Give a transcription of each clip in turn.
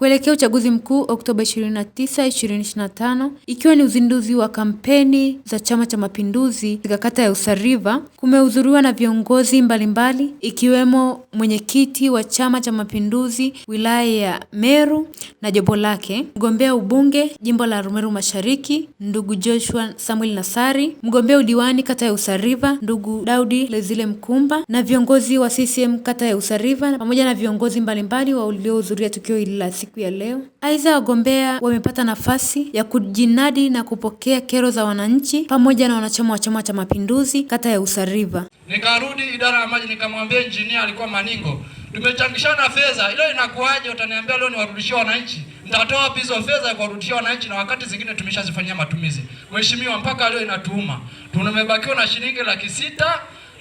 kuelekea uchaguzi mkuu Oktoba 29, 2025, ikiwa ni uzinduzi wa kampeni za Chama cha Mapinduzi katika kata ya Usa River. Kumehudhuriwa na viongozi mbalimbali mbali, ikiwemo mwenyekiti wa Chama cha Mapinduzi wilaya ya Meru na jopo lake, mgombea ubunge jimbo la Arumeru Mashariki ndugu Joshua Samuel Nasari, mgombea udiwani kata ya Usa River ndugu Daudi Lezile Mkumba na viongozi wa CCM kata ya Usa River pamoja na viongozi mbalimbali waliohudhuria tukio hili la siku siku ya leo. Aidha, wagombea wamepata nafasi ya kujinadi na kupokea kero za wananchi pamoja na wanachama wa Chama cha Mapinduzi kata ya Usariva. Nikarudi idara ya maji nikamwambia injinia alikuwa Maningo, tumechangishana fedha ilo, inakuwaje? Utaniambia leo niwarudishie wananchi, nitatoa wapi hizo fedha ya kuwarudishia wananchi na wakati zingine tumeshazifanyia matumizi? Mheshimiwa, mpaka leo inatuuma, tumebakiwa na shilingi laki sita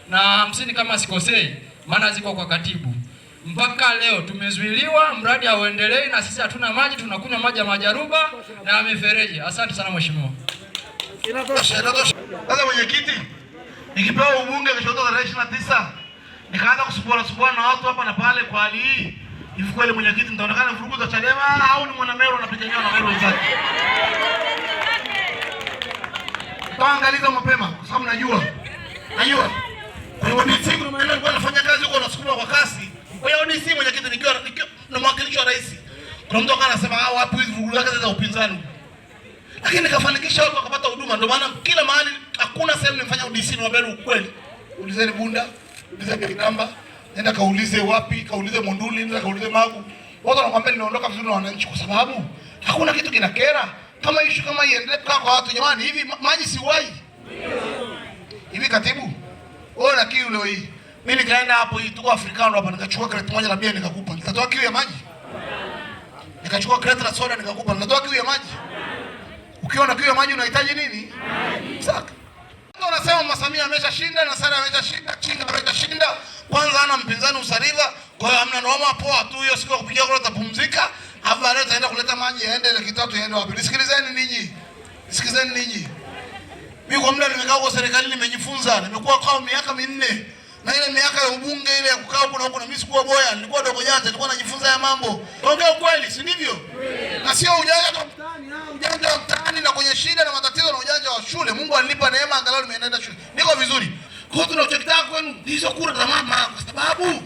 na hamsini kama sikosei, maana ziko kwa katibu mpaka leo tumezuiliwa, mradi hauendelei, na sisi hatuna maji, tunakunywa maji ya majaruba na ya mifereji. Asante sana mheshimiwa. Sasa mwenyekiti, nikipewa ubunge kesho tarehe na tisa nikaanza kusubuana subuana na watu hapa na pale kwa hali hii hivi, kweli mwenyekiti, nitaonekana vurugu za Chadema au ni mwanamero anapiganiwa na wale wenzake? Taangaliza mapema kwa sababu najua najua kwa nini siku nilikuwa nafanya kazi huko, nasukuma kwa kasi kwa hiyo ni si mwenyekiti nikiwa na mwakilishi wa rais. Kuna mtu akawa anasema ah, wapi hizi vurugu zake za upinzani. Lakini nikafanikisha watu wakapata huduma, ndio maana kila mahali hakuna sehemu nimefanya UDC na mbele ukweli. Ulizeni Bunda, ulizeni Kitamba, nenda kaulize wapi, kaulize Monduli, nenda kaulize Magu. Watu wanakuambia ninaondoka vizuri na wananchi kwa sababu hakuna kitu kinakera kama ishu kama iendelee kukaa kwa watu. Jamani, hivi maji si wai hivi, katibu wewe na kiu leo hii mimi nikaenda hapo tuko Afrikano hapa nikachukua crate moja la bia nikakupa. Nitatoa kiu ya maji? Nikachukua crate la soda nikakupa. Nitatoa kiu ya maji? Ukiwa na kiu ya maji unahitaji nini? Maji. Saka. Ndio Unasema Mama Samia ameshashinda na Sara ameshashinda, Chinga ameshashinda. Kwanza ana mpinzani usaliva. kwa hiyo amna noma, poa tu hiyo siku ya kupigia kura tapumzika. Hapo leo taenda kuleta maji yaende ile kitatu yaende wapi? Nisikilizeni ninyi. Nisikilizeni ninyi. Mimi kwa muda nimekaa kwa serikali nimejifunza, nimekuwa kwa miaka minne na ile miaka ya ubunge ile ya kukaa huko na huko, na mimi sikuwa boya, nilikuwa dogo janja, nilikuwa najifunza ya mambo. Ongea ukweli, si ndivyo? Na sio ujanja wa mtaani, ah, ujanja wa mtaani na kwenye shida na matatizo na ujanja wa shule. Mungu alinipa neema, angalau nimeenda shule, niko vizuri. Kwa hiyo tunachokitaka kwenu hizo kura za mama, kwa sababu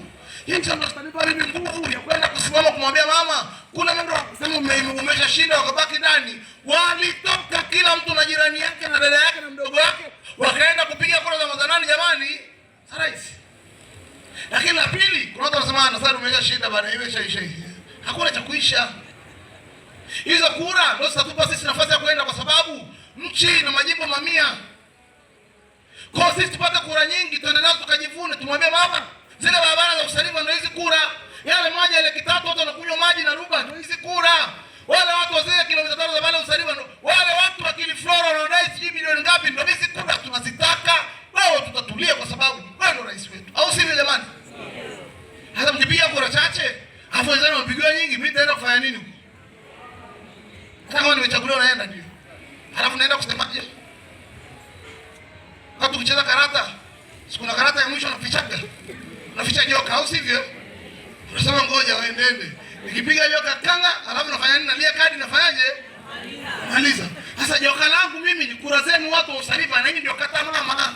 yeye ndiye anastanipa mimi nguvu ya kwenda kusimama kumwambia mama, kuna mambo sema umeimesha shida, wakabaki ndani. Walitoka kila mtu na jirani yake na dada yake na mdogo wake maandamano sasa tumeshashinda bana, imeshaisha hakuna cha kuisha. Hizo kura ndio zitatupa sisi nafasi ya kwenda, kwa sababu nchi na majimbo mamia. Kwa sisi tupate kura nyingi, tuende nazo tukajivune, tumwambie mama, zile barabara za usalama ndio hizi kura, yale maji ile kitatu watu wanakunywa maji Wanipiga kura chache, afu wenzao wapigiwa nyingi, mimi nitaenda kufanya nini huko? Kama nimechaguliwa naenda ndio. Alafu naenda kusemaje? Watu kucheza karata. Sikuna karata ya mwisho nafichaga. Naficha joka au sivyo? Unasema ngoja waendende. Nikipiga joka kanga, alafu nafanya nini? Nalia kadi nafanyaje? Maliza. Sasa joka langu mimi ni kura zenu watu wa usalifa na hii ndio kata mama.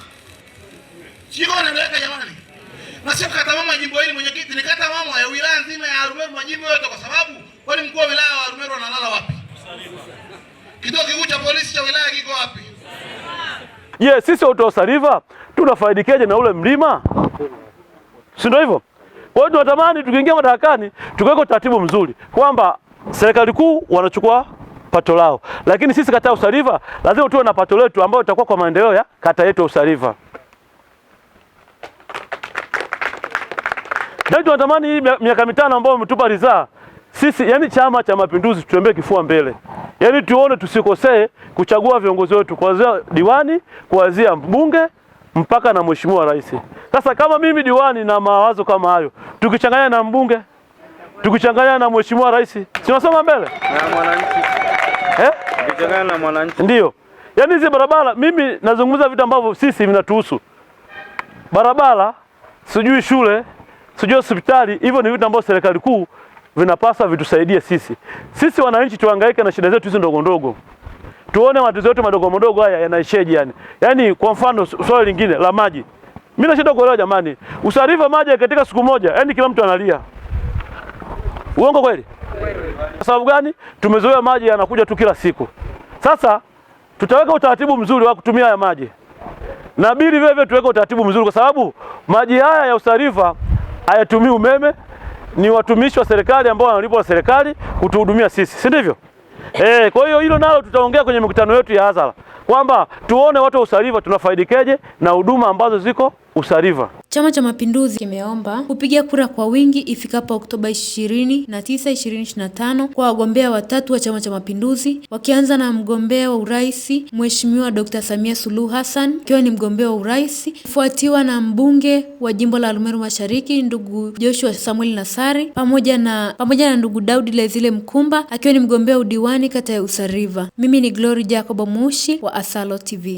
Sio naweka jamani nasema kata mama jimbo hili mwenyekiti, ni kata mama ya wilaya nzima ya Arumeru majimbo yote, kwa sababu kwani mkuu wa wilaya wa Arumeru analala wapi? Kituo kikuu cha polisi cha wilaya kiko wapi? Je, yes, sisi watu wa Sariva tunafaidikeje na ule mlima? Si ndio hivyo? Kwa hiyo tunatamani tukiingia madarakani tukiweka taratibu mzuri kwamba serikali kuu wanachukua pato lao, lakini sisi kata ya Usariva lazima tuwe na pato letu ambayo itakuwa kwa maendeleo ya kata yetu ya Usariva. Leo tunatamani hii miaka mitano ambayo umetupa ridhaa sisi, yani Chama cha Mapinduzi tutembee kifua mbele, yani tuone tusikosee kuchagua viongozi wetu kuanzia diwani, kuanzia mbunge mpaka na mheshimiwa rais. Sasa kama mimi diwani na mawazo kama hayo, tukichanganya na mbunge, tukichanganya na mheshimiwa rais, si sinasoma mbele na mwananchi eh, tukichanganya na mwananchi ndio Yaani hizi barabara mimi nazungumza vitu ambavyo sisi vinatuhusu. Barabara, sijui shule, sijui hospitali. Hivyo ni vitu ambavyo serikali kuu vinapaswa vitusaidie sisi. Sisi wananchi tuhangaike na shida zetu hizo ndogo ndogo. Tuone matatizo yetu madogo madogo haya yanaisheje yani. yani kwa mfano swali lingine la maji. Mimi nashindwa kuelewa jamani. Usarifu wa maji katika siku moja, yani kila mtu analia. Uongo kweli? Kwa sababu gani? Tumezoea maji yanakuja tu kila siku. Sasa tutaweka utaratibu mzuri wa kutumia haya maji. Na bili vile vile tuweke utaratibu mzuri kwa sababu maji haya ya usarifa hayatumii umeme, ni watumishi wa serikali ambao wanalipwa serikali kutuhudumia sisi, si ndivyo? Eh. eh, kwa hiyo hilo nalo tutaongea kwenye mikutano yetu ya hadhara kwamba tuone watu wa Usariva tunafaidikeje na huduma ambazo ziko Usariva. Chama cha Mapinduzi kimeomba kupiga kura kwa wingi ifikapo Oktoba 29, 2025 kwa wagombea watatu wa Chama cha Mapinduzi wakianza na mgombea wa urais Mheshimiwa Dr. Samia Suluhu Hassan akiwa ni mgombea wa urais, kufuatiwa na mbunge wa jimbo la Arumeru Mashariki ndugu Joshua Samuel Nasari pamoja na, pamoja na ndugu Daudi Lezile Mkumba akiwa ni mgombea udiwani kata ya Usariva. Mimi ni Glory Jacob Mushi wa Asalo TV.